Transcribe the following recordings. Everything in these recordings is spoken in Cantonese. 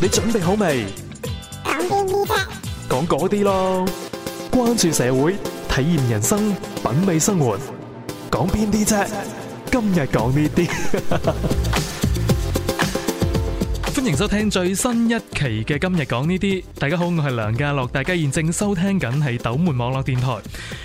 你準備好未？講邊啲啫？講嗰啲咯。關注社會，體驗人生，品味生活。講邊啲啫？今日講呢啲。歡迎收聽最新一期嘅今日講呢啲。大家好，我係梁家樂，大家現正收聽緊係斗門網絡電台。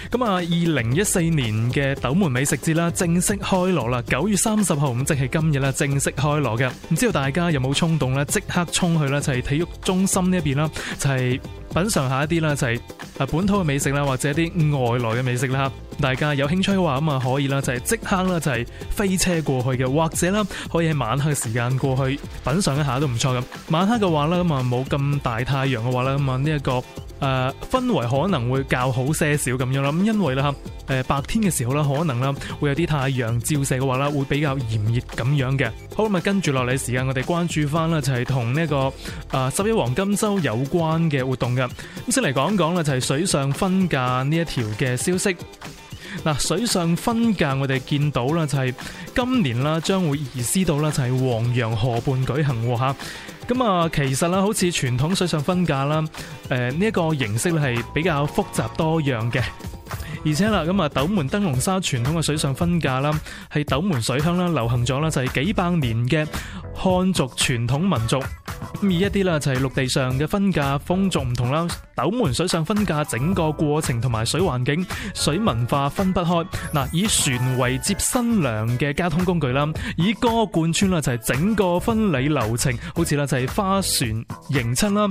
咁啊，二零一四年嘅斗門美食節啦，正式開鑼啦，九月三十號咁，即係今日啦，正式開鑼嘅。唔知道大家有冇衝動咧，即刻衝去啦，就係體育中心呢一邊啦，就係。品嚐下一啲啦，就係啊本土嘅美食啦，或者啲外來嘅美食啦，大家有興趣嘅話咁啊可以啦，就係即刻啦，就係飛車過去嘅，或者啦可以喺晚黑嘅時間過去品嚐一下都唔錯咁。晚黑嘅話啦，咁啊冇咁大太陽嘅話啦，咁啊呢一個，誒、呃、氛圍可能會較好些少咁樣啦，咁因為、呃、白天嘅時候可能咧會有啲太陽照射嘅話咧，會比較炎熱咁樣嘅。好咁啊，跟住落嚟時間，我哋關注翻啦、這個，就係同呢個十一黃金週有關嘅活動嘅。咁先嚟講講啦，就係水上婚嫁呢一條嘅消息。嗱、呃，水上婚嫁我哋見到啦，就係今年啦將會移師到啦，就係黃洋河畔舉行喎。咁啊，其實啦，好似傳統水上婚嫁啦，誒呢一個形式咧係比較複雜多樣嘅。而且啦，咁啊，斗門燈籠沙傳統嘅水上婚嫁啦，係斗門水鄉啦，流行咗啦，就係幾百年嘅漢族傳統民俗。咁依一啲啦，就係陸地上嘅婚嫁風俗唔同啦。斗門水上婚嫁整個過程同埋水環境、水文化分不開。嗱，以船為接新娘嘅交通工具啦，以歌貫穿啦，就係整個婚禮流程，好似啦，就係花船迎親啦。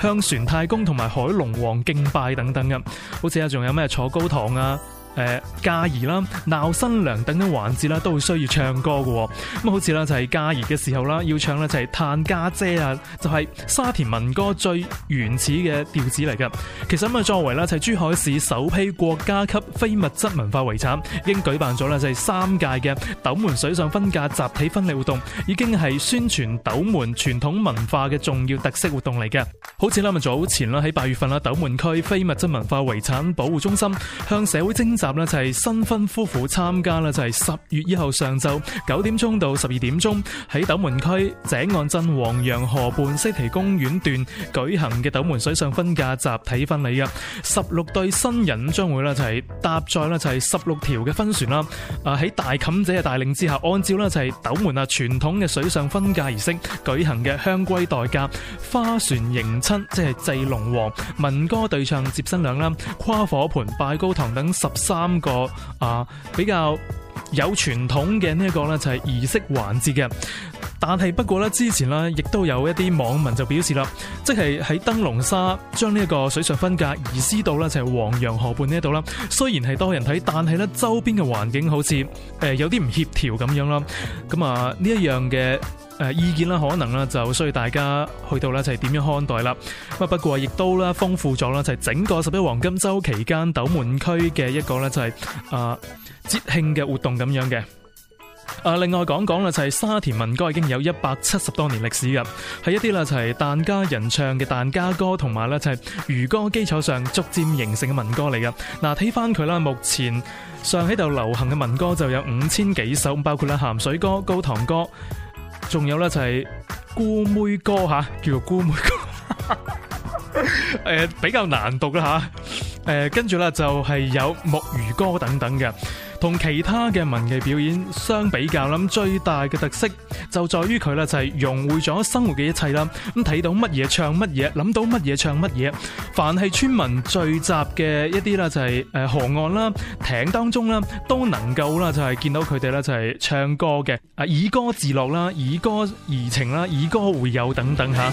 向船太公同埋海龍王敬拜等等嘅，好似啊，仲有咩坐高堂啊？誒、呃、嫁兒啦、鬧新娘等等環節啦，都會需要唱歌嘅、哦。咁好似啦，就係嫁怡嘅時候啦，要唱呢就係、是《嘆家姐》啊，就係、是、沙田民歌最原始嘅調子嚟嘅。其實咁啊，作為啦就係珠海市首批國家級非物質文化遺產，已經舉辦咗啦就係三屆嘅斗門水上婚嫁集體婚禮活動，已經係宣傳斗門傳統文化嘅重要特色活動嚟嘅。好似啦，咁早前啦喺八月份啦，斗門區非物質文化遺產保護中心向社會徵集。啦就係、是、新婚夫婦參加啦就係十月一號上晝九點鐘到十二點鐘喺斗門區井岸鎮黃楊河畔西堤公園段舉行嘅斗門水上婚嫁集體婚禮啊！十六對新人將會啦就係搭載啦就係十六條嘅婚船啦，啊喺大妗姐嘅帶領之下，按照啦就係斗門啊傳統嘅水上婚嫁儀式舉行嘅香閨代嫁、花船迎親、即係祭龍王、民歌對唱、接新娘啦、跨火盆、拜高堂等十。三個啊比較有傳統嘅呢一個咧就係儀式環節嘅。但係不過咧，之前咧亦都有一啲網民就表示啦，即係喺燈籠沙將呢一個水上分隔移師到呢就係黃楊河畔呢一度啦。雖然係多人睇，但係咧周邊嘅環境好似誒有啲唔協調咁樣啦。咁啊呢一樣嘅誒意見啦，可能啦就需要大家去到呢就係點樣看待啦。咁啊不過亦都啦豐富咗啦，就係整個十一黃金周期間斗門區嘅一個呢就係、是、啊節慶嘅活動咁樣嘅。啊！另外講講啦，就係沙田民歌已經有一百七十多年歷史噶，係一啲啦，就係疍家人唱嘅疍家歌，同埋啦，就係漁歌基礎上逐漸形成嘅民歌嚟噶。嗱，睇翻佢啦，目前上喺度流行嘅民歌就有五千幾首，包括啦咸水歌、高堂歌，仲有啦就係姑妹歌吓、啊，叫做姑妹歌，誒、呃、比較難讀啦吓，誒跟住啦就係有木魚歌等等嘅。同其他嘅文藝表演相比較，諗最大嘅特色就在於佢啦，就係融匯咗生活嘅一切啦。咁睇到乜嘢唱乜嘢，諗到乜嘢唱乜嘢。凡係村民聚集嘅一啲啦，就係誒河岸啦、艇當中啦，都能夠啦，就係見到佢哋咧，就係唱歌嘅，啊以歌自樂啦，以歌怡情啦，以歌會友等等嚇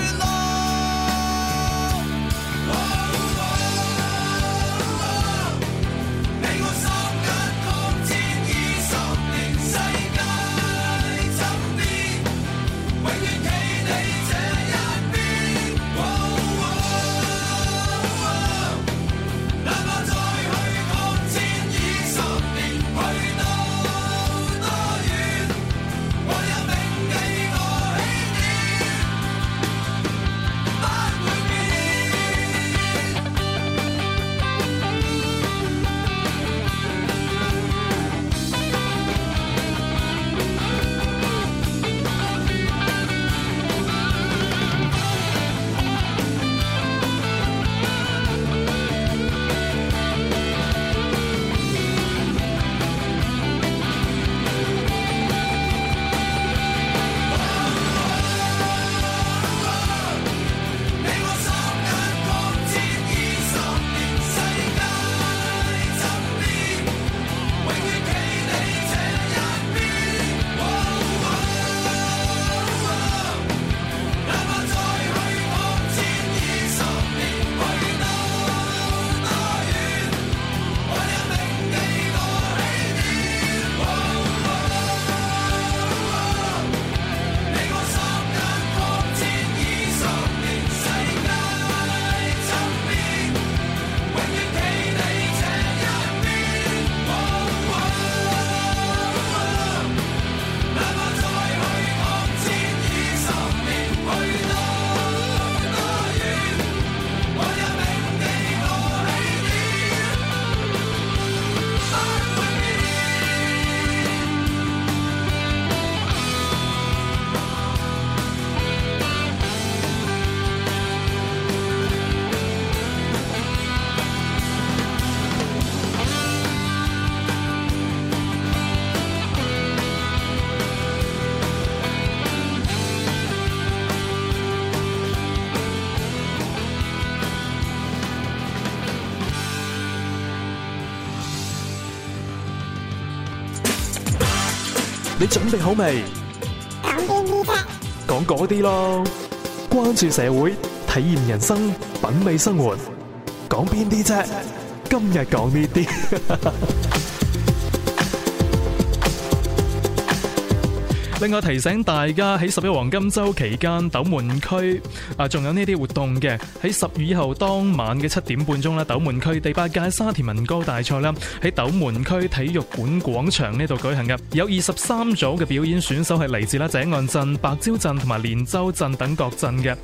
講邊啲啫？講嗰啲咯。關注社會，體驗人生，品味生活。講邊啲啫？今日講呢啲。 另外提醒大家喺十一黃金周期間，斗門區啊，仲有呢啲活動嘅。喺十月一號當晚嘅七點半鐘咧，斗門區第八屆沙田民歌大賽啦，喺斗門區體育館廣場呢度舉行嘅，有二十三組嘅表演選手係嚟自啦井岸鎮、白蕉鎮同埋連州鎮等各鎮嘅。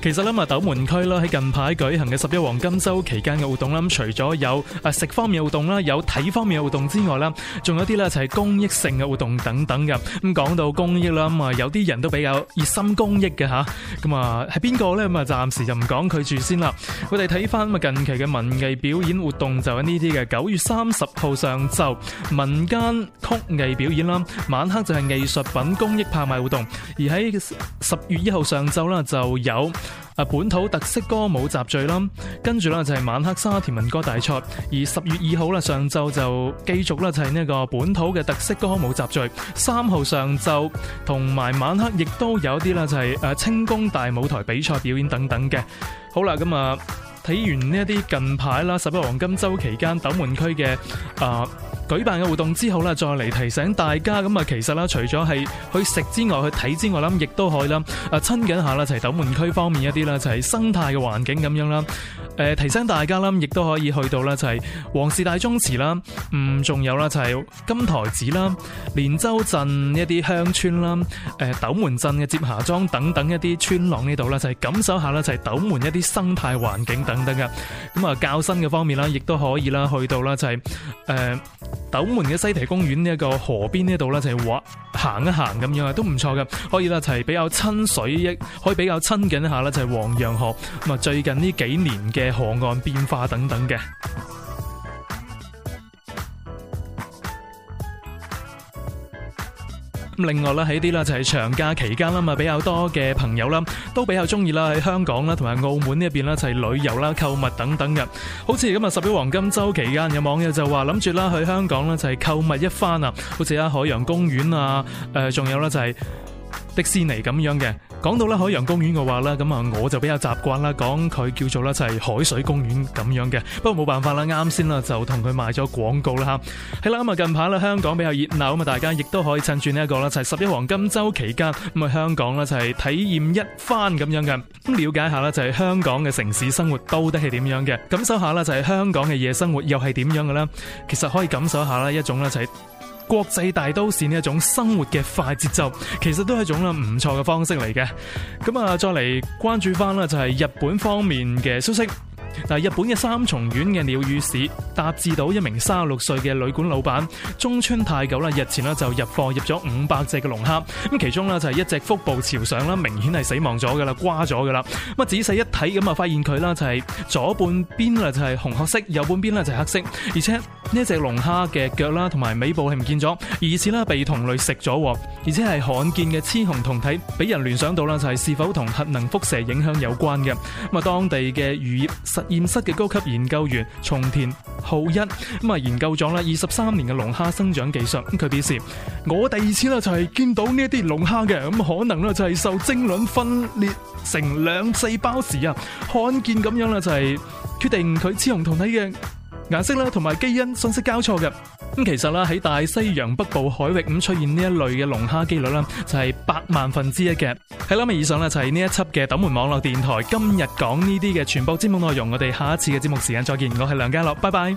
其實諗下斗門區啦，喺近排舉行嘅十一黃金周期間嘅活動啦，除咗有誒食方面嘅活動啦，有睇方面嘅活動之外啦，仲有啲咧就係公益性嘅活動等等嘅。咁講到公益啦，咁啊有啲人都比較熱心公益嘅，吓，咁啊係邊個咧？咁啊暫時就唔講佢住先啦。我哋睇翻咁啊近期嘅文藝表演活動就係呢啲嘅。九月三十號上晝民間曲藝表演啦，晚黑就係藝術品公益拍賣活動。而喺十月一號上晝啦就有。本土特色歌舞集聚啦，跟住啦就係晚黑沙田民歌大賽，而十月二號啦上晝就繼續啦就係呢個本土嘅特色歌舞集聚。三號上晝同埋晚黑亦都有啲啦就係誒青工大舞台比賽表演等等嘅，好啦咁啊睇完呢一啲近排啦十一黃金周期間斗門區嘅啊。呃舉辦嘅活動之後呢，再嚟提醒大家咁啊，其實啦，除咗係去食之外，去睇之外，呢亦都可以啦。啊，親近一下啦，就係、是、斗門區方面一啲啦，就係、是、生態嘅環境咁樣啦。誒、呃，提醒大家啦，亦都可以去到啦，就係黃氏大宗祠啦。嗯，仲有啦，就係金台寺啦、連州鎮一啲鄉村啦、誒、呃、斗門鎮嘅接霞莊等等一啲村塱呢度啦，就係、是、感受下啦，就係、是、斗門一啲生態環境等等嘅。咁、嗯、啊，較新嘅方面啦，亦都可以啦，去到啦就係、是、誒。呃斗門嘅西堤公園呢一個河邊呢度呢，就係話行一行咁樣啊，都唔錯嘅，可以呢，就係比較親水益，可以比較親近一下呢，就係黃楊河咁啊，最近呢幾年嘅河岸變化等等嘅。咁另外咧，喺啲咧就係長假期間啦比較多嘅朋友啦，都比較中意啦喺香港啦同埋澳門呢一邊啦，就係旅遊啦、購物等等嘅。好似今日十一黃金周期間有網友就話諗住啦去香港咧就係購物一番啊，好似啊海洋公園啊，誒仲有咧就係、是。迪士尼咁樣嘅，講到咧海洋公園嘅話啦咁啊我就比較習慣啦，講佢叫做咧就係海水公園咁樣嘅。不過冇辦法啦，啱先啦就同佢賣咗廣告啦吓。係啦，咁啊近排啦香港比較熱鬧啊嘛，大家亦都可以趁住呢一個啦，就係十一黃金周期間咁啊香港啦就係體驗一番咁樣嘅。咁了解下啦，就係香港嘅城市生活到底係點樣嘅？咁感受下啦，就係香港嘅夜生活又係點樣嘅咧？其實可以感受下啦，一種咧就係、是。國際大都市呢一種生活嘅快節奏，其實都係一種唔錯嘅方式嚟嘅。咁啊，再嚟關注返啦，就係日本方面嘅消息。嗱，日本嘅三重縣嘅鳥羽市，達至到一名三十六歲嘅旅館老闆中村太久啦。日前咧就入貨入咗五百隻嘅龍蝦，咁其中咧就係一隻腹部朝上啦，明顯係死亡咗㗎喇，瓜咗㗎喇。咁啊仔細一睇咁啊，發現佢啦就係左半邊啦就係紅褐色，右半邊咧就係黑色，而且呢一隻龍蝦嘅腳啦同埋尾部係唔見咗，疑似咧被同類食咗，而且係罕見嘅雌雄同體，俾人聯想到啦就係是，是否同核能輻射影響有關嘅。咁啊，當地嘅漁業驗室嘅高級研究員松田浩一咁啊，研究咗咧二十三年嘅龍蝦生長技術。咁佢表示：我第二次啦就係見到呢一啲龍蝦嘅，咁可能咧就係受精卵分裂成兩細胞時啊，罕見咁樣咧就係決定佢雌雄同體嘅顏色咧同埋基因信息交錯嘅。咁其實咧喺大西洋北部海域，咁出現呢一類嘅龍蝦機率咧就係，是百萬分之一嘅，係啦。咁以上呢，就係呢一輯嘅斗門網絡電台今日講呢啲嘅全部節目內容，我哋下一次嘅節目時間再見，我係梁家樂，拜拜。